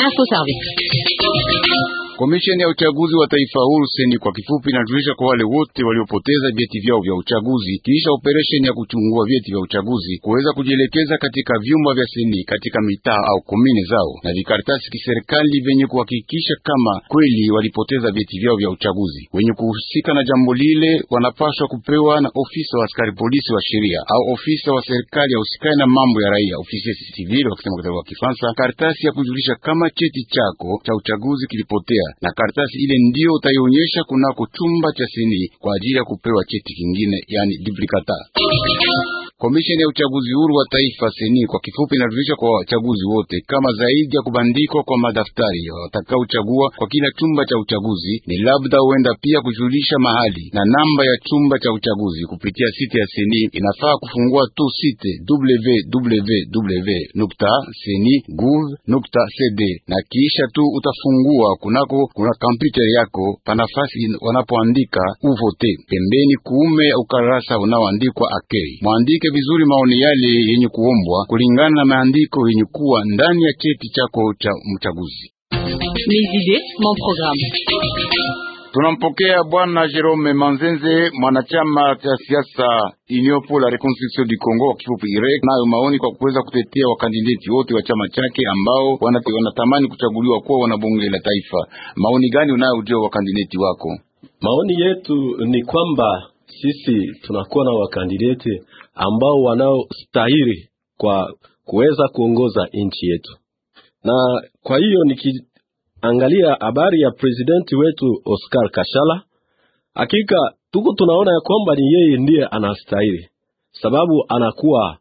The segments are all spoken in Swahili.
Info Service. Komisheni ya uchaguzi wa taifa huru seni kwa kifupi inajulisha kwa wale wote waliopoteza vyeti vyao vya uchaguzi kisha operesheni ya kuchungua vyeti vya uchaguzi kuweza kujielekeza katika vyumba vya seni katika mitaa au komini zao na vikaratasi kiserikali vyenye kuhakikisha kama kweli walipoteza vyeti vyao vya uchaguzi. Wenye kuhusika na jambo lile wanapaswa kupewa na ofisa wa askari polisi wa sheria au ofisa wa serikali ya usikani na mambo ya raia, ofisi civil wakisema kwa Kifaransa, karatasi ya kujulisha kama cheti chako cha uchaguzi kilipotea na karatasi ile ndiyo utaionyesha kunako chumba cha seni kwa ajili ya kupewa cheti kingine, yani duplicata Komisheni ya uchaguzi huru wa taifa seni kwa kifupi inajulisha kwa wachaguzi wote kama zaidi ya kubandikwa kwa madaftari watakaochagua kwa kila chumba cha uchaguzi ni labda huenda pia kujulisha mahali na namba ya chumba cha uchaguzi kupitia site ya seni. Inafaa kufungua tu site www.seni.gov.cd na kisha tu utafungua kunako kuna kompyuta yako panafasi wanapoandika uvote pembeni kuume ya ukarasa unaoandikwa akei mwandike vizuri maoni yale yenye kuombwa kulingana na maandiko yenye kuwa ndani ya cheti chako cha mchaguzi. Tunampokea bwana Jerome Manzenze, mwanachama cha siasa Union la Reconstruction du Congo wa kifupi IREC, nayo maoni kwa kuweza kutetea wakandideti wote wa chama chake ambao wanatamani kuchaguliwa kuwa wanabunge la taifa. Maoni gani unayo ujio wakandideti wako? Maoni yetu ni kwamba sisi tunakuwa na wakandideti ambao wanaostahili kwa kuweza kuongoza nchi yetu. Na kwa hiyo nikiangalia habari ya presidenti wetu Oscar Kashala, hakika tuko tunaona ya kwamba ni yeye ndiye anastahili, sababu anakuwa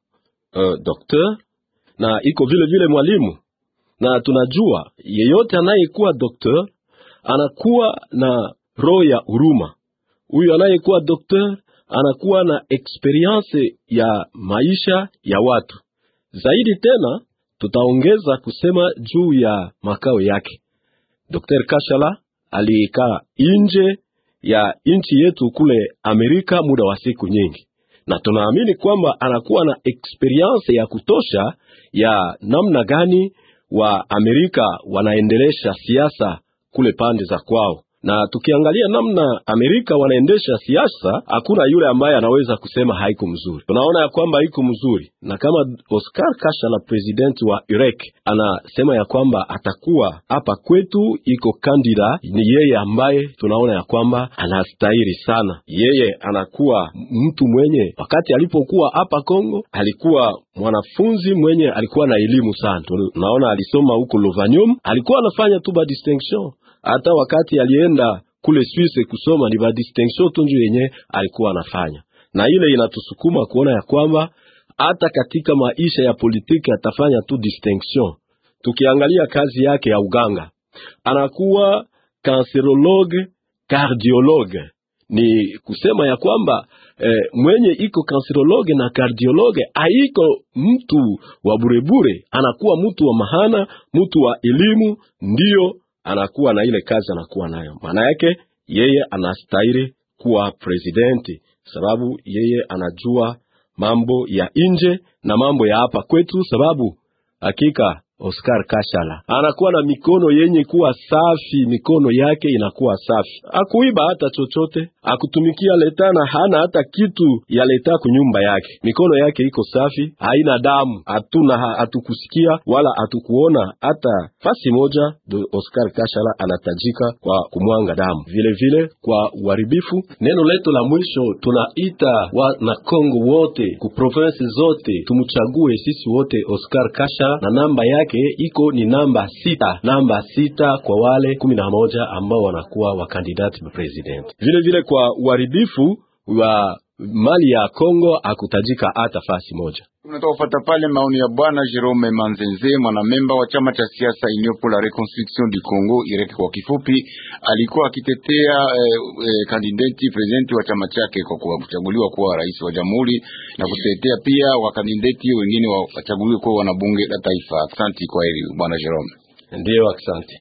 uh, eh, doktor na iko vile vile mwalimu, na tunajua yeyote anayekuwa doktor anakuwa na roho ya huruma Huyu anayekuwa dokter anakuwa na experience ya maisha ya watu zaidi. Tena tutaongeza kusema juu ya makao yake. Dr. Kashala alikaa nje ya nchi yetu kule Amerika muda wa siku nyingi, na tunaamini kwamba anakuwa na experience ya kutosha ya namna gani wa Amerika wanaendelesha siasa kule pande za kwao na tukiangalia namna Amerika wanaendesha siasa, hakuna yule ambaye anaweza kusema haiko mzuri. Tunaona ya kwamba haiko mzuri, na kama Oscar Kashala, president wa UREK, anasema ya kwamba atakuwa hapa kwetu, iko kandida ni yeye ambaye tunaona ya kwamba anastahili sana. Yeye anakuwa mtu mwenye, wakati alipokuwa hapa Kongo, alikuwa mwanafunzi mwenye alikuwa na elimu sana. Tunaona alisoma huko Lovanium, alikuwa anafanya tu ba distinction hata wakati alienda kule Swisse kusoma ni madistinction tunju yenye alikuwa anafanya, na ile inatusukuma kuona ya kwamba hata katika maisha ya politiki atafanya tu distinction. Tukiangalia kazi yake ya uganga, anakuwa kanserologe kardiologe, ni kusema ya kwamba eh, mwenye iko kanserologe na kardiologe aiko mtu wa burebure, anakuwa mtu wa mahana, mtu wa elimu, ndio anakuwa na ile kazi anakuwa nayo, maana yake yeye anastahili kuwa presidenti, sababu yeye anajua mambo ya nje na mambo ya hapa kwetu, sababu hakika Oscar Kashala anakuwa na mikono yenye kuwa safi, mikono yake inakuwa safi, akuiba hata chochote, akutumikia leta na hana hata kitu ya leta kunyumba yake. Mikono yake iko safi, haina damu. Hatuna, hatukusikia wala hatukuona hata fasi moja de Oscar Kashala anatajika kwa kumwanga damu, vilevile vile kwa uharibifu. Neno letu la mwisho tunaita wana Kongo wote ku zote, tumchague sisi wote Oscar Kashala na namba yake yake iko ni namba sita, namba sita kwa wale kumi na moja ambao wanakuwa kandidati president. Vile vile kwa uharibifu wa mali ya Kongo akutajika hata fasi moja. Tunataka kufuata pale maoni ya bwana Jerome Manzenze, mwanamemba wa chama cha siasa Union pour la Reconstruction du Congo ireke kwa kifupi. Alikuwa akitetea eh, eh, eh, presidenti wa chama chake kwa kuchaguliwa kuwa rais wa jamhuri na kutetea pia wakandidati wengine wachaguliwe kuwa wanabunge la taifa. Asante kwa hili bwana Jerome. ndio asante.